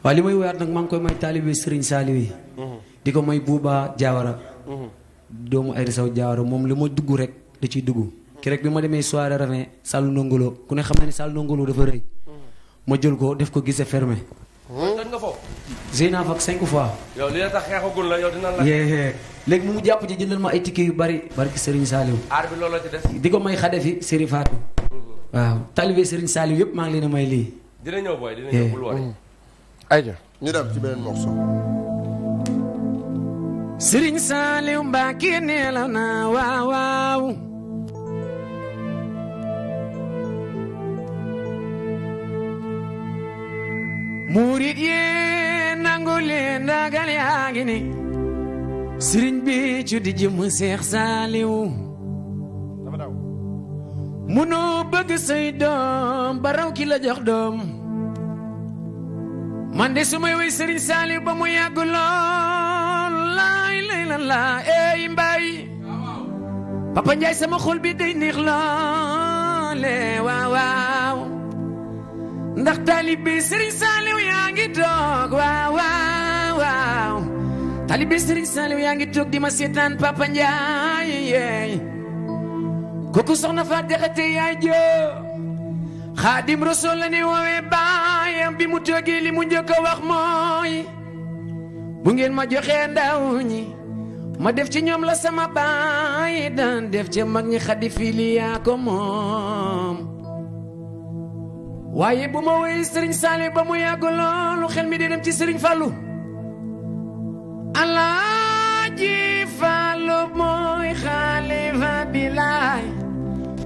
waa li may woyaat nag maa ngi koy may taalibi Serigne Saliou yi mhm. di ko may buubaa Diawara mhm. doomu Ayri Saw Diawara moom li ma dugg rek da ciy dugg ki rek bi ma demee soirée rafet Sall Ndongolo ku ne xam ne ne Sall Ndongolo dafa rëy mhm. ma jël ko def ko gise fermé toj nga foofu. Zeyna fak cinq fois. yow li la tax xeexagul la yow dina la. léegi jàpp ci jëndal ma ay yu bari barki Serigne Saliou. aar bi loolu la ci def. di ko may maa ngi leen a may lii. dina ñëw booy ñu dem ci beneen morceau. Serigne Saliou Mbacké nee waaw waaw. murit yi nangu leen dagal yaa ngi ni sëriñ bi cu di jëm seex saaliw munoo bëgg say doom ba raw ki la jox doom man de su may way sëriñ saaliw ba mu yàgg lool laay lay la laa eey mbaay papa sama xol bi day neex loole waaw ndax taalibe sëriñ Saaliw yaa ngi toog waaw waaw waaw taalibe sëriñ Saaliw yaa ngi toog di ma seetaan Papa Ndiaye yeey kooku soxna Faat Jaxate yaay joo Xaadim Rasuul la ne woowee baayam bi mu toogee li mu njëkk a wax mooy bu ngeen ma joxee ndaw ñi ma def ci ñoom la sama baay daan def ca mag ñi xaddi fii waaye bu ma woy sëriñ Saaliw ba mu yàgg loolu xel mi di ci sëriñ Fàllu Alaaji Fàllu mooy xalifa bi laay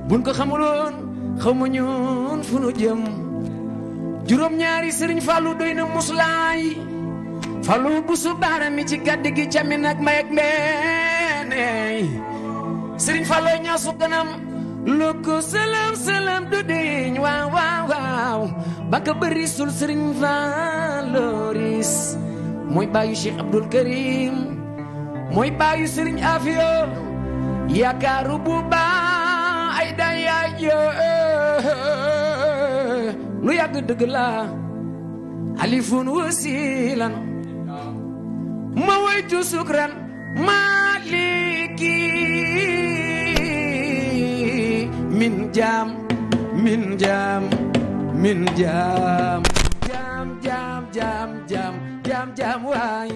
buñ ko xamuloon xamu ñun fu nu ñaari sëriñ Fàllu doy na muslaay Fàllu bu su mi ci gàdd gi càmmi nag may ak sëriñ Fàllu ñaasu ganam loko salaam salaam du deñ waaw waaw waaw baka bëri sul sëriñ Valoris mooy baayu Cheikh Abdul Karim mooy baayu sëriñ Afio yaakaaru bu ba ay daan yaay lu yàgg dëgg alifun wasilan ma waytu sukran maliki min jaam min jaam min jaam jaam jaam jaam jaam jaam jaam waay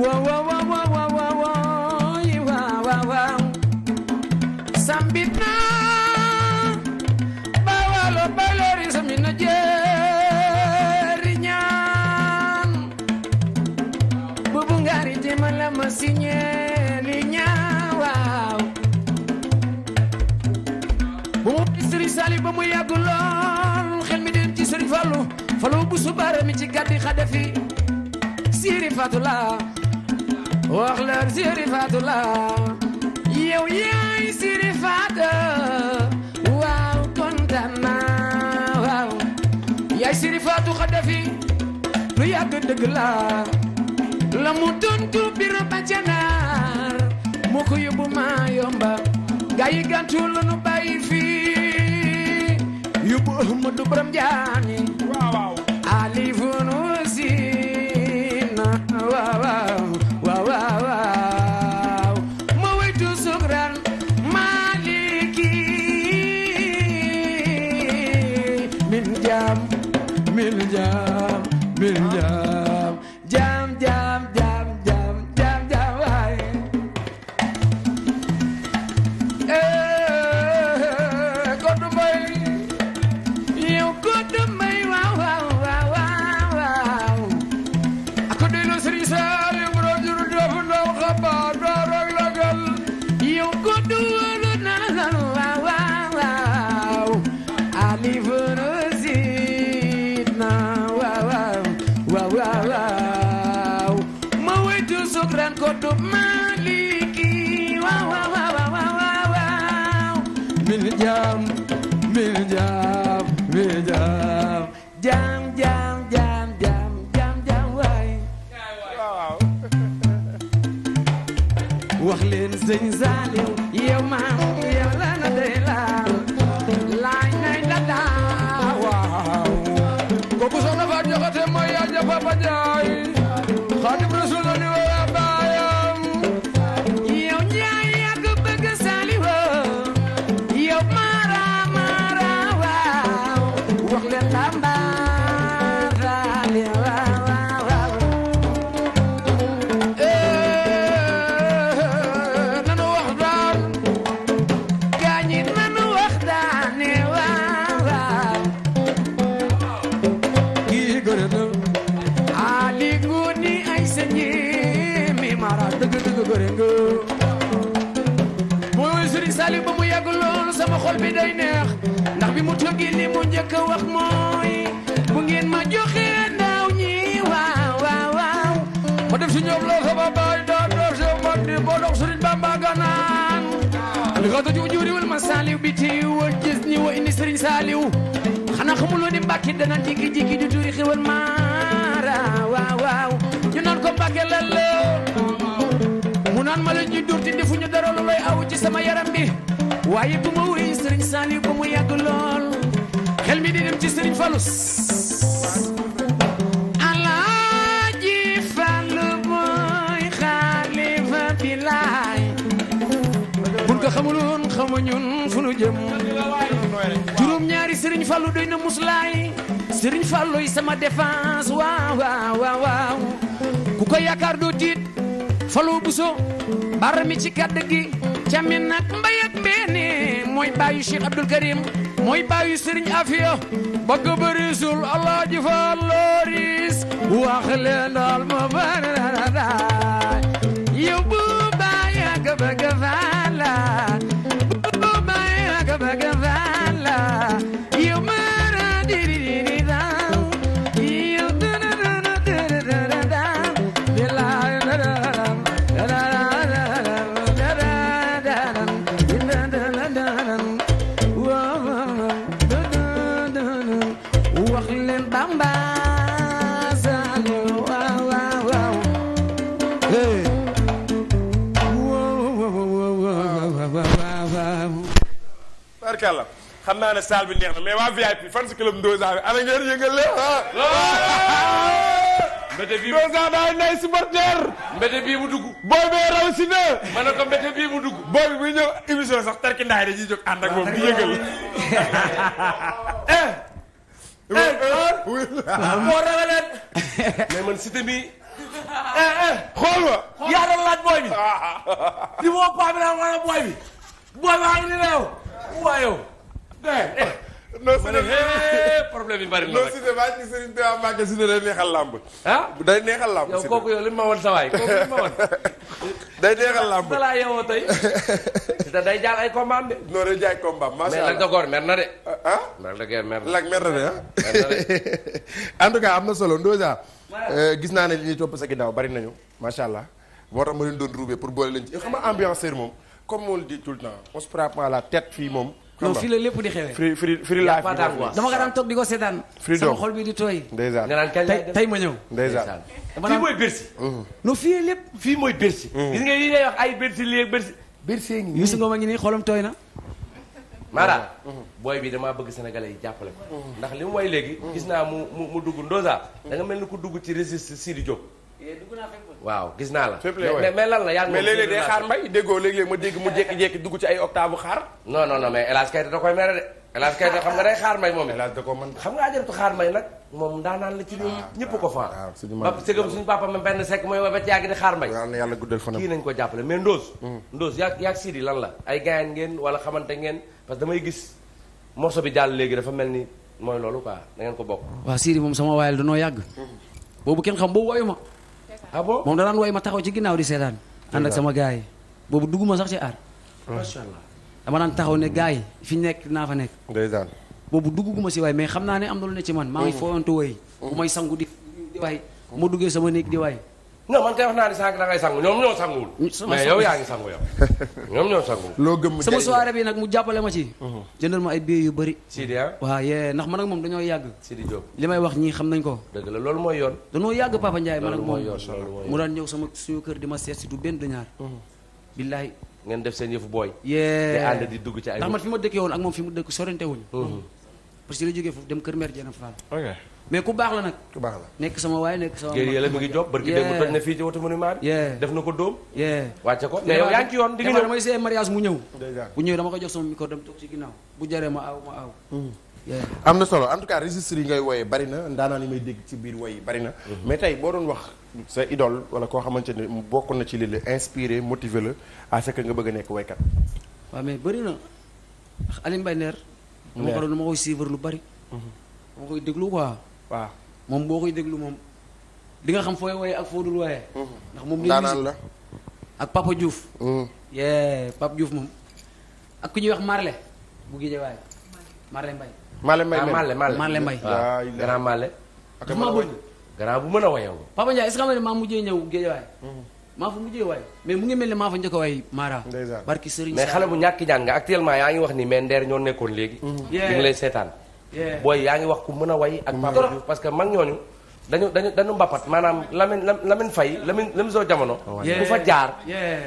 wow wow wow wow wow wow wow wow sambit naa Siri Fatou la e yow yaay Siri Fatou waaw kontaan naa waaw e yaay Siri Fatou Khadafi lu yàgg dëgg la la mu tontu biro ba janaar mu ko yóbbu maa yomba gaa yi gàntu la nu bàyyi fii yóbbu Ahmadou Borom Jaani sëñ Saliou yow maam yow la na day laal laaj nay dada waaw kooku soxna Fatou Diakhaté mooy yaay ja Papa Dia njëkk a wax mooy bu ngeen ma joxe ndaw ñi waaw waaw waaw ma def si ñoom loo sama baay doon doon sama mag di boo dox sëriñ Bamba ganaan li ko toj ujuuri wal ma saaliw bi tiw wa gis ni wa indi sëriñ saaliw xanaa xamuloo ni mbàkki dana jikki jikki di tuuri xewal maara waaw waaw ñu naan ko mbàkke lan la mu naan ma la ñuy durti defuñu dara lu lay aw ci sama yaram bi waaye bu ma wuy sëriñ saaliw ci Serigne Alaaji Fallou mooy xalifa bi laay buñ ko xamuloon xamuñun fu nu jëm juróom ñaari Serigne Fallou doy na muslaay Serigne Fallou yi sama défense waaw waaw waaw ku ko yaakaar doo tiit Fallou Bousso bara mi ci kàdd gi camin nag mbay ak mbeene mooy baayu Cheikh Abdoul Karim mooy baayu Serigne Afio bëgg bërisul alaaji faal looris wax leen daal ma bëri la daay yóbbu baa yàgg bëgg faal xam naa ne salle bi neex na waa VIP fan si club Ndoza bi ana ngeen yëngal leen ah. mbete bii Ndoza daay nay supporter mbete bii mu dugg booy bee raw si na ma ne ko mbete bii mu booy bi buy ñëw émission sax tarki ndaay dañuy jóg ànd ak moom di booy eh. eh, eh, bi booy bi ah. booy baa ni reew waa Eh, non si eh, problème yi bari na non si ne maa ngi Serigne Touba Mbacké si ne ah? day neexal làmb. *laughs* day neexal làmb day neexal làmb balaa yeewoo tey. da *laughs* day jaar ay combat de. non day jaar ay combat allah am na solo Ndoza. Euh, gis naa ne li ñuy topp sa bari nañu macha allah. moo tax ma leen doon ruubee pour boole leen ci xam nga ambianceur moom comme on le tout temps on pas la tête fii moom. non fii la lépp di xewee. free free free life bi dama ko daan toog di ko seetaan. free sama xol bi di tooy. ndeysaan nga tey ma ñëw. ndeysaan fii mooy Bercy. Mm-hmm. non fii lépp fii mooy Bercy. Mm-hmm. gis nga li ngay wax ay Bercy lii ak Bercy. Bercy ngi nii Youssou Ngom a ngi nii xolam tooy na. maanaam. Mm-hmm. booy bi damaa bëgg sénégalais yi jàppale ko. ndax li mu way léegi. gis naa mu mu mu dugg Ndoza. da nga mel ni ku dugg ci registre Sidi Diop. Eh, dugg waaw gis naa la. mais lan la yaa ngi mais léeg-léeg day xaar mbay déggoo léeg-léeg ma dégg mu eh. jékki-jékki dugg ci ay octave xaar. non non non mais El Hadj Keita da koy mere de. El Hadj da ko mën xam ah, ah, ah, benn sekk mooy ba ci yàgg di xaar mbay. waaw na yàlla guddal fanam kii nañu ko jàppale mais Ndoos. Hmm. Ndoos yaa yaa Sidi lan la ay gaañ ngeen wala xamante ngeen parce que damay gis morso bi jàll léegi dafa mel ni mooy loolu quoi da ko bokk. waaw Sidi moom sama waayal danoo yàgg hmm. boobu kenn xam boobu wayuma ah bon moom da daan ma taxaw ci ginnaaw di seetaan. ànd ak sama gars yi boobu dugguma sax ci aar. Ah. allah dama daan taxaw ne gars yi fi nekk naa fa nekk. ndeysaan boobu dugguma si waay mais xam naa ne am na lu ne ci man. maa ngi mm-hmm. fooyantu woy. bu mm-hmm. may sangu di di waay bu ma duggee sama néeg di waay. non man kay wax naa ni sànq da ngay sangu ñoom ñoo *laughs* loo gëm sama soirée bi nag mu jàppale ma ci. Mhm. jëndal ma ay billets yu bëri. Sidi ah. waaw yee ndax man ak moom dañoo yàgg. Sidi Diop li ñii xam nañ ko. dëgg la loolu mooy yoon. dañoo yàgg Papa Ndiaye man ak moom mu daan ñëw sama suñu kër di ma seet si du benn du ñaar. Mhm. billaay. ngeen def seen yëfu booy. yee te ànd di dugg ci ay. ndax man fi ma dëkkee ak moom fi mu dëkk sorante mhm. parce que la jógee foofu dem kër mère Diena Fall mais ku baax la nag. ku baax la nekk sama waay nekk sama. yéen yéen a ngi jóg barki na def na ko dóom. wàcce ko mais yow yoon di nga ñëw damay see mariage mu ñëw. bu ñëw dama ko jox sama micro dem toog ci ginnaaw bu jaree ma aw ma aw. Hmm. am na solo en tout cas registre yi ngay wooyee bari na ndaanaan yi may dégg ci biir woy yi bari na. Hmm. mais tey boo doon wax sa idole wala koo xamante ne bokk na ci li la inspiré motivé la à ce que nga bëgg a nekk woykat. waaw mais bari na Alioune Mbaye Nder. dama ko lu bari. Hmm. dama koy déglu quoi waa moom boo koy déglu moom di nga xam foo woyee ak foo dul woyee mhm. ndax moom daanaan la ak Papa Diouf mhm. yee Papa ku ñuy wax Marle bu géejee waaye Marle Mbay ah, Marle Mbay Marle Marle Mbay grand Marle dafa maa bëgg grand a mhm. mu ngi mel ni maa fa njëkk a waay Mara. barki Serigne mais xale bu ñàkk jàng nga yaa ngi wax ni mais ndeer ñoo nekkoon léegi. ñu ngi seetaan. booy yaa ngi wax ku mën a way ak Papa Diouf parce que mag ñooñu dañu dañu dañu mbappat maanaam Lamine Lamine fay Lamine Lamine soo jamono ku oh, fa jaar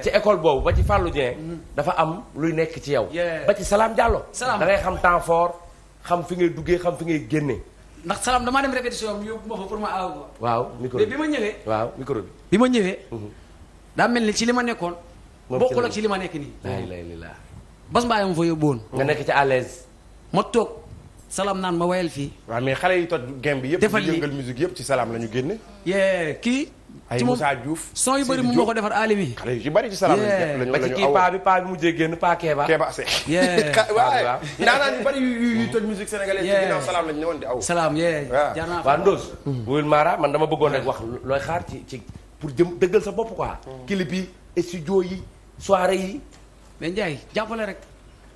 ci école boobu ba ci Fallou Dieng mm. dafa am luy nekk ci yow ba ci salaam Diallo da ngay xam temps fort xam fi ngay duggee xam fi ngay génne ndax Salam damaa dem répétition am yóbbu ma fa pour ma aaw ko waaw micro bi bi ma ñëwee waaw micro bi bi ma ñëwee mhm. daa mel ni ci li ma nekkoon bokkul ak ci li ma nekk nii lay lay laa bas mbaay fa yóbboon nga nekk ci à l'aise salaam naan ma wayal fii. waaw mais xale yi toj game bi yëpp. defal lii yëngal musique yëpp ci salaam la ñu génne. yee kii. ay Moussa Diouf son yu bëri mu moo ko defar alimi. xale yu ci bëri ci salaam lañu def lañu kii paa bi salaam lañu newoon di aw. salaam yee jaar naa waaw mm. wuyul Mara man dama bëggoon rek wax looy xaar ci ci pour jëm dëggal sa bopp quoi. Mm. clip yi studio yi soirée yi. mais Ndiaye jàppale rek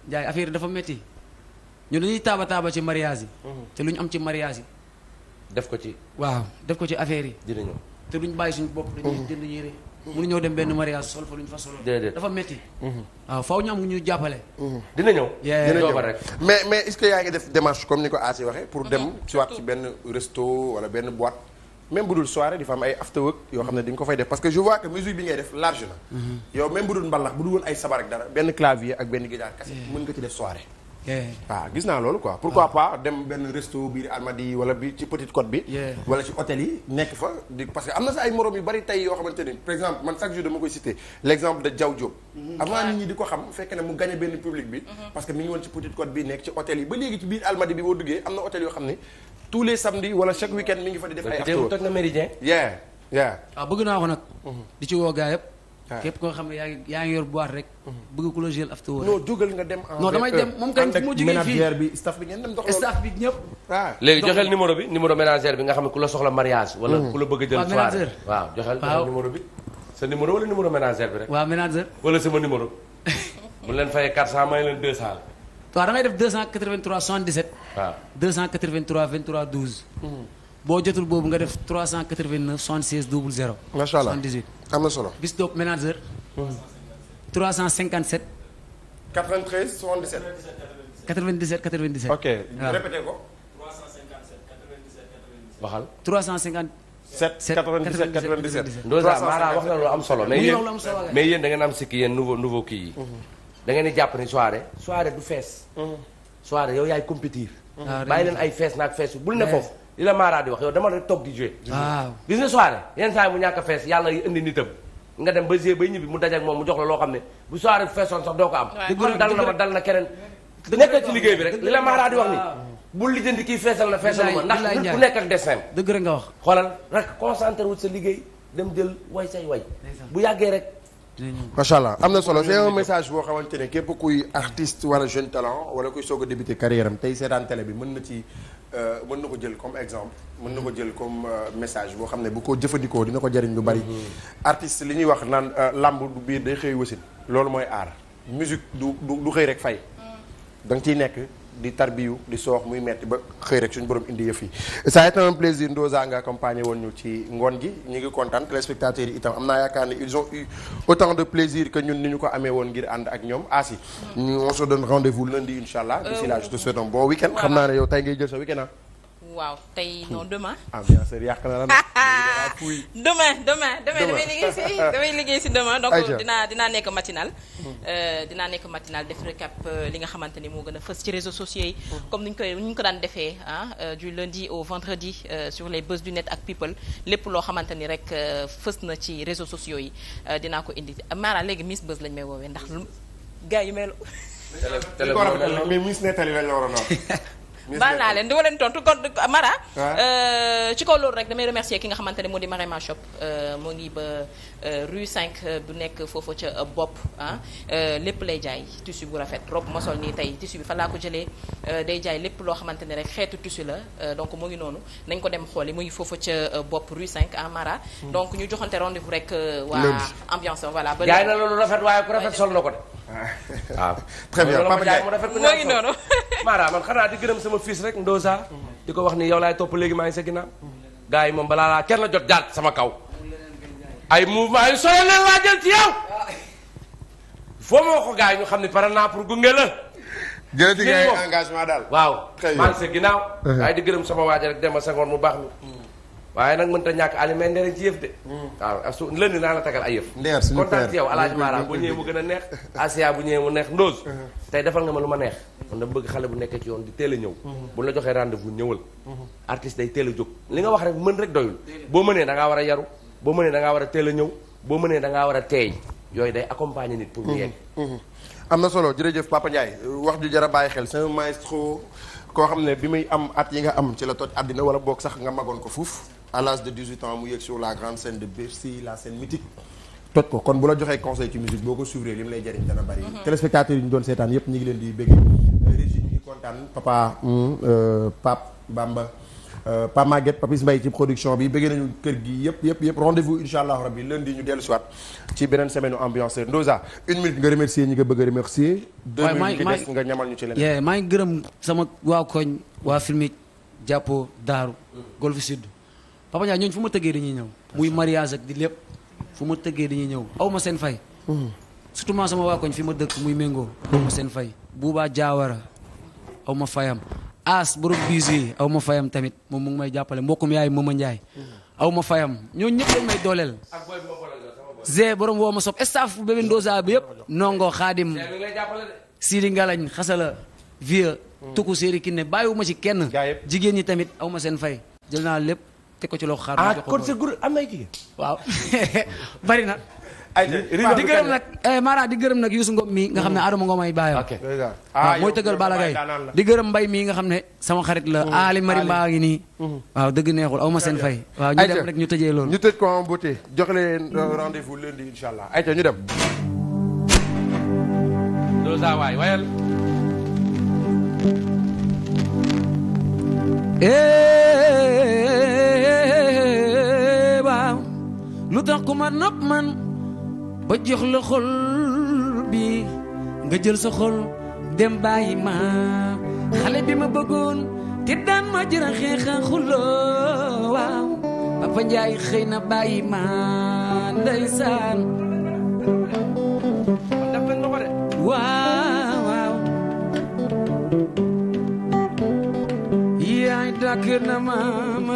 Ndiaye affaire dafa métti ñu dañuy taaba taaba ci mariage yi. Mhm. te lu ñu am ci mariage yi. def ko ci. waaw def ko ci affaire yi. dinañu te duñ bàyyi suñu bopp. dañuy mhm. jënd yére. mënu ñëw dem benn mariage sol fa lu ñu fa solo. dafa métti. Mhm. waaw faaw ñu am ñu jàppale. dina waxee pour dem ci ci benn resto wala benn boîte. même bu dul soirée di fa am ay after work yoo xam ne di nga ko fay def parce que je vois musique bi ngay def large na. yow même bu dul mbalax bu dul woon ay sabar ak dara benn clavier ak benn waaw ah, gis naa loolu quoi pourquoi ah. pas dem benn resto biir Almadies wala bi ci Petite Côte bi wala ci hôtel yi nekk fa di parce que am na sa ay morom yu bari tey yoo xamante ni par exemple man chaque jour dama koy citer l'exemple de Diaw Diop mm-hmm. avant nit ñi di ko xam fekk ne mu gagné benn public bi mm-hmm. parce que mi ngi woon ci Petite Côte bi nekk ci hôtel yi ba léegi ci biir Almadies bi boo duggee am na hôtel yoo xam ne tous les samedis wala chaque week ah, naa ko nag mm-hmm. di ci Ah. képp koo xam ne yaa ngi yaa ngi yor boîte rek. Mhm. bëgg ku la jël after work. non dugal nga dem non damay dem moom kañ mu jógee fii staff bi ngeen ñëpp. Ah. léegi joxel numéro bi numéro ménagère bi nga xam ne ku la soxla mariage. wala mhm. ku la bëgg a jël soirée waaw joxel numéro bi. sa numéro wala numéro ménagère bi rek. waaw ménagère. wala sama numéro. *laughs* bu leen fayee 400 may leen 200 la. waaw da ngay def 283 77. waaw 283 23 12. boo jotul boobu nga def 389 76 00. macha allah 78 am na solo. bis topp manager. 357. 93 77. 97 97. ok répété ko. 357 97 97. waxal 350. 7 97 97. Ndoza Mara wax na lu am solo. mais yéen mais yéen da ngeen am sikki yéen nouveau nouveau kii yi. Hmm. da ngeen di jàpp ni soirée. soirée du fees. Hmm. soirée yow yaay compétir. Ah, bàyyi leen ay fees naag fees bul ne foofu. li la Mara di wax yow dama la toog di jouer. waaw gis nga saa yi mu ñàkk fees yàlla indi nitam. nga dem ba G bay ñibbi mu dajeeg moom mu jox la loo xam ne bu soirée bu feesoon sax doo ko am. waay dal na ma dal na keneen. nekkal ci liggéey bi rek li la Mara di wax ni bu lijjanti kii feesal na feesal ma ndax nit nekk ak destin. dëgg rek nga wax xoolal rek concentré wut sa liggéey dem jël way say way bu yàggee rek macha allah am na solo c'est un message boo xamante ne képp kuy artiste wala jeune talent wala kuy soog a débuter carrière am tey seetaan télé bi mën na ci euh, mën na ko jël comme exemple mën na ko jël comme euh, message boo xam ne bu ko jëfandikoo dina ko jariñ lu bari mm-hmm. artiste li ñuy wax naan euh, làmb du biir day xëy wasin loolu mooy aar musique du du xëy rek fay mm. danga ciy nekk di tarbiyu di soox muy metti ba xëy rek suñu borom indi yëf yi ça a été un plaisir Ndoza nga accompagné woon ñu ci ngoon gi ñu ngi kontaan téléspectateurs yi itam am naa yaakaar ne ils ont eu autant de plaisir que ñun ni ñu ko amee woon ngir ànd ak ñoom aasi on se donne rendez-vous lundi incha allah d'ici là je te souhaite un bon week xam naa ne yow tey ngay jël sa week-end ah. waaw tey non demain. ambiance yàq na la nag. demain demain damay liggéey si *laughs* demain. donc dinaa dinaa nekk matinal. Mm. Euh, dinaa nekk matinal def récap euh, li nga xamante ni moo gën a fës ci réseaux sociaux yi. Mm. comme ni ñu koy ni ñu ko daan defee ah du lundi au vendredi sur les buzz du net ak people lépp loo xamante ni rek fës na ci réseau sociaux yi dinaa ko indi Mara léegi Miss Buzz lañ may woowee ndax gars yi mel. télé télé mais Miss Nettali lañ la war a *laughs* baal naa leen di wa leen tontu kon Mara euh, ci kaw loolu rek damay remercier ki nga xamante ne moo di Marema euh, moo ngi ba euh, rue bu nekk foofu ca bopp ah lépp lay jaay tissu bu rafet robe ma sol nii tey tissu bi fa ko jëlee day jaay lépp loo xamante ne rek xeetu tissu la donc moo ngi noonu nañ ko dem xooli mu ngi foofu ca bopp rue 5 ah, Mara hmm. donc ñu joxante rendez-vous rek waa ambiance voilà ba jaay na loolu rafet waaye ku rafet sol ko ah. *laughs* *laughs* man xanaa di gërëm sama fils rek Ndoza. di ko wax ni yow laay topp léegi maa ngi sa ginnaaw. gars yi moom balaa laa kenn jot jaar sama kaw. ay mouvement yu solo leen laa jël ci yow. foo ma wax ko gars yi ñu xam ne pare naa pour gunge la. jëlati ngay engagement daal. waaw maa ngi sa ginnaaw. waaye uh-huh. di gërëm sama waaja rek dem a sangoon mu baax mi. waaye nag mënta ñàkk Aliou Mbaye ndeer ci yëf de waaw su lënd naa la tagal ay yëf kontaan ci yow alaaji Mara bu ñëwee mu a neex Asia bu ñëwee mu neex Ndoz uh-huh. tey defal nga ma lu ma neex man na bëgg xale bu nekkee ci yoon di teel a ñëw uh-huh. bu la joxee rendez-vous ñëwal uh-huh. artiste day teel a jóg li nga wax rek mën rek doyul boo mënee da ngaa war a yaru boo mënee da ngaa war a teel a boo mënee da ngaa war a teey yooyu day accompagner nit pour mu yegg am na solo jërëjëf Papa Ndiaye wax ju jar a bàyyi xel sa un maestro koo xam ne bi muy am at yi nga am ci la toj àddina wala boog sax nga magoon ko fuuf à l'âge de 18 ans mu yëg sur la grande scène de Bercy la scène mythique toj ko kon bu la joxee conseil ci musique boo ko suivre li mu lay jëriñ dana bari mhm. téléspectateurs yi ñu doon seetaan yëpp ñu ngi leen di bëgg euh, régie ñu ngi euh, euh, bi bëgg nañu kër gi yëpp yëpp yëpp rendez-vous insha allah rabbi lundi ñu dellu siwaat ci beneen semaine ambianceur Ndoza une minute nga remercier ñi nga bëgg a remercier deux minutes nga ñamal ñu ci leneen maa ngi gërëm sama waa koñ waa filmique jàppo daaru mm. golfe sud Papa Ndiaye fu ma tëggee dañuy ñëw. muy mariage ak di lépp fu ma tëggee dañuy ñëw aw ma seen fay. Hmm. surtout man sama waa koñ fi ma dëkk muy méngoo aw ma seen fay. Buuba Jaawara aw ma fayam As borom biis aw ma fayam tamit moom mu may jàppale mbokkum yaay Mama Ndiaye. aw ma fayam ñooñu ñëpp dañ may dooleel. Zé borom woo ma sob staff bébé Ndoza bi yëpp. nongo xaadim Sidi Ngalañ xasala vieux. Hmm. tukku séeri kinne bàyyiwuma ci kenn. jigéen ñi tamit aw ma seen fay jël naa lépp. teg ko ci loxo xaar. ah kon sa groupe am na ay jigéen. waaw *laughs* bari na. di gërëm nag eh, maanaam di gërëm nag Youssou Ngom mii nga xam ne mm-hmm. Adama Ngom ay baayam ah, waaw mooy tëggal Balla Gaye di gërëm mbay mii nga xam ne sama xarit la mm-hmm. Ali Mari Mbaa ngi nii mm-hmm. waaw dëgg neexul aw ma seen fay waaw ñu dem rek ñu tëjee loolu ñu tëj ko en beauté jox leen rendez-vous lundi insha allah ayca ñu dem loolu saa waay wayal eh, lu tax ku ma nopp man ba la xol bi nga jël sa xol dem bàyyi ma xale bi ma bëggoon te daan ma jëra xeexa xuloo waaw Papa Njaay xëy na bàyyi ma ndeysaan waaw waaw yaay dàkk na ma ma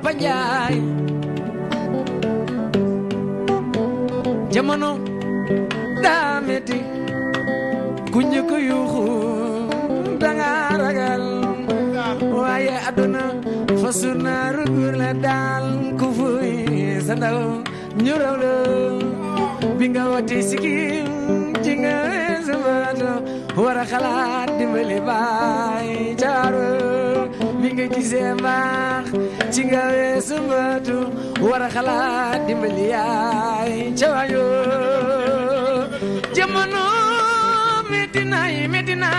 Papa Njaay jamono daa metti ku yuuxu danga ragal waaye àdduna fasu naa rugur la daal ku fuy sa ñu raw la bi nga wati sikim ji nga sa maata war a baay jaaru nga gisee ci nga weesu mbëtu war a xalaat dimbali yaay ca waayo jamono metti na yi metti na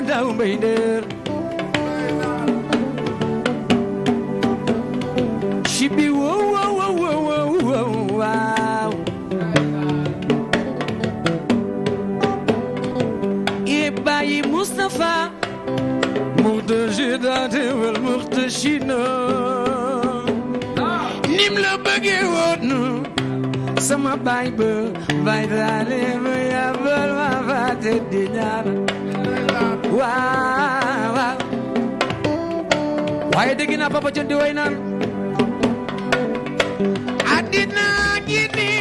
ma daaw mbay dër ci bi wow wow wow wow waaw e bayi Mustafa murtajida wal murtashina nim la bëgge woon sama baay ba baay daale ma yabal ma fàtte di ñaar waaw waaw waaye dégg naa Papa Thione di way naan addina ji nii